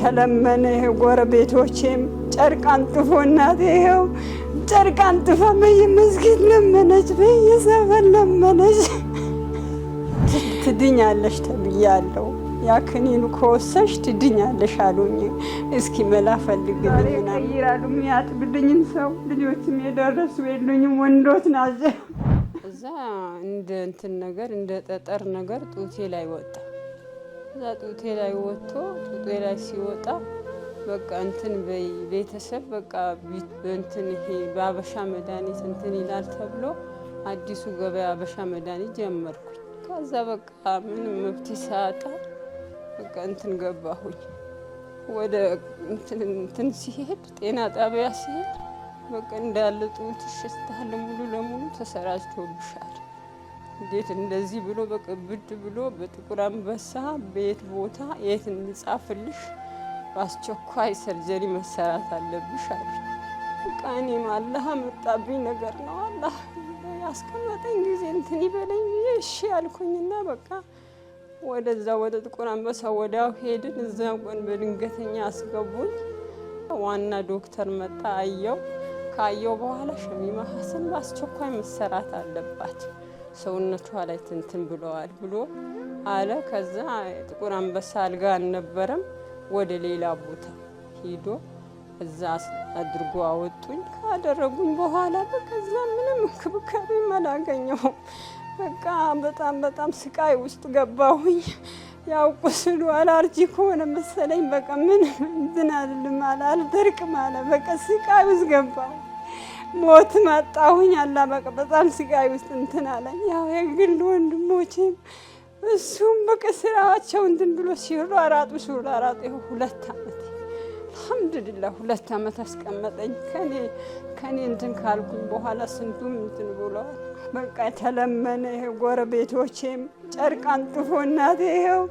ተለመነ። ጎረቤቶቼም ጨርቅ አንጥፎ እናቴ ይኸው ጨርቅ አንጥፋ መስጊድ ለመነች፣ በየሰፈር ለመነች። ትድኛለሽ ተብያለሁ። ያክኒኑ ከወሰሽ ትድኛለሽ አሉኝ። እስኪ መላ ፈልግልኝ ይላሉ። የሚያጥብልኝም ሰው ልጆችም የደረሱ የሉኝም። ወንዶት ናቸው። እዛ እንደ እንትን ነገር እንደ ጠጠር ነገር ጡቴ ላይ ወጣ። እዛ ጡቴ ላይ ወጥቶ ጡቴ ላይ ሲወጣ በቃ እንትን ቤተሰብ በቃ እንትን ይሄ በአበሻ መድኃኒት እንትን ይላል ተብሎ አዲሱ ገበያ አበሻ መድኃኒት ጀመርኩኝ። ከዛ በቃ ምንም መብት ሳጣ በቃ እንትን ገባሁኝ። ወደ እንትን ሲሄድ ጤና ጣቢያ ሲሄድ በቃ እንዳለ ጡት ሽታል ሙሉ ለሙሉ ተሰራጭቶብሻል እንዴት እንደዚህ ብሎ በቅብድ ብሎ በጥቁር አንበሳ በየት ቦታ የት እንጻፍልሽ፣ በአስቸኳይ ሰርጀሪ መሰራት አለብሽ አሉ። በቃ እኔም አላህ መጣብኝ ነገር ነው አላህ ያስቀመጠኝ ጊዜ እንትን ይበለኝ እሺ ያልኩኝና በቃ ወደዛ ወደ ጥቁር አንበሳ ወዲያው ሄድን። እዛ ጎን በድንገተኛ አስገቡኝ። ዋና ዶክተር መጣ አየው። ካየው በኋላ ሸሚማ ሀሰን በአስቸኳይ መሰራት አለባት ሰውነቷ ላይ ትንትን ብለዋል ብሎ አለ። ከዛ ጥቁር አንበሳ አልጋ አልነበረም። ወደ ሌላ ቦታ ሂዶ እዛ አድርጎ አወጡኝ። ካደረጉኝ በኋላ በከዛ ምንም እንክብካቤም አላገኘሁም። በቃ በጣም በጣም ስቃይ ውስጥ ገባሁኝ። ያው ቁስሉ አላርጂ ከሆነ መሰለኝ በቃ ምን እንትን አልልም አልደርቅም አለ። በቃ ስቃይ ውስጥ ገባሁኝ። ሞት መጣሁኝ አላ በቃ በጣም ስቃይ ውስጥ እንትን አለኝ። ያው የግል ወንድሞቼም እሱም በቃ ስራቸው እንትን ብሎ ሲሉ አራጡ ሲሉ አራጡ። ይኸው ሁለት አመት አልሐምዱሊላህ ሁለት አመት አስቀመጠኝ። ከኔ ከኔ እንትን ካልኩኝ በኋላ ስንቱም እንትን ብለዋል። በቃ ተለመነ። ይኸው ጎረቤቶቼም ጨርቅ አንጥፎ እናቴ ይኸው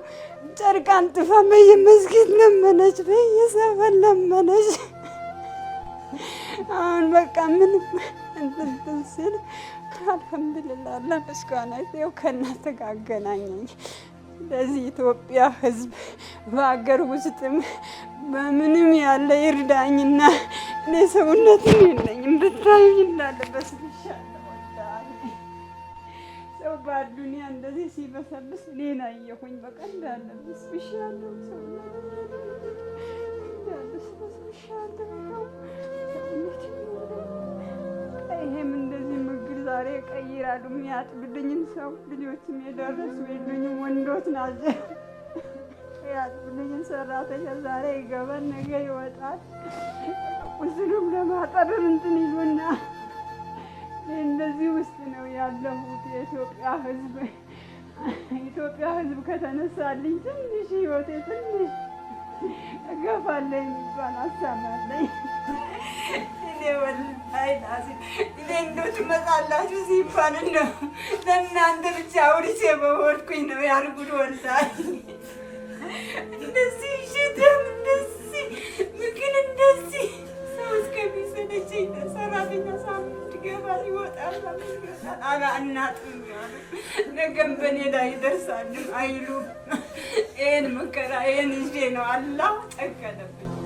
ጨርቅ አንጥፋ በየመስጊድ ለመነች፣ በየሰፈር ለመነች። አሁን በቃ ምንም እንትን ስል አልሐምዱሊላህ አላህ ምስጋና ከእናንተ ጋር አገናኘኝ። ለዚህ ኢትዮጵያ ሕዝብ በሀገር ውስጥም በምንም ያለ ይርዳኝና እኔ ሰውነትም የለኝም ብታዩ ይላለ ሰው በአዱኒያ እንደዚህ ሲበሰብስ ሌላ የሆኝ በቃ እንዳለ ብስብሻለሁ ሰውነት ይሄም እንደዚህ ምግር ዛሬ ቀይራሉ። የሚያጥብልኝም ሰው ልጆችም የደረሱ የሉኝም። ወንዶች ናቸው። ያጥብልኝም ሰራተኛ ዛሬ ይገባል፣ ነገ ይወጣል። ቁስሉም ለማጠብም እንትን ይሉና እንደዚህ ውስጥ ነው ያለሁት። የኢትዮጵያ ሕዝብ ኢትዮጵያ ሕዝብ ከተነሳልኝ ትንሽ ህይወቴ ትንሽ ገፋለኝ እንኳን አሳማለኝ። እኔ ወላሂ ላዚም እኔ እንደው ትመጣላችሁ ሲባል ነው ለእናንተ ብቻ አውርቼ በወድኩኝ ነው ያርጉት። ወላሂ እንደዚህ ሽተም እንደዚህ ምግን እንደዚህ ሰው እስከሚሰለቸኝ ሰራተኛ ሳምንት ገባል ይወጣል አላ እናጥም ነገም በእኔ ላይ ይደርሳልም አይሉም ይሄን መከራ ይሄን ይዤ ነው አላህ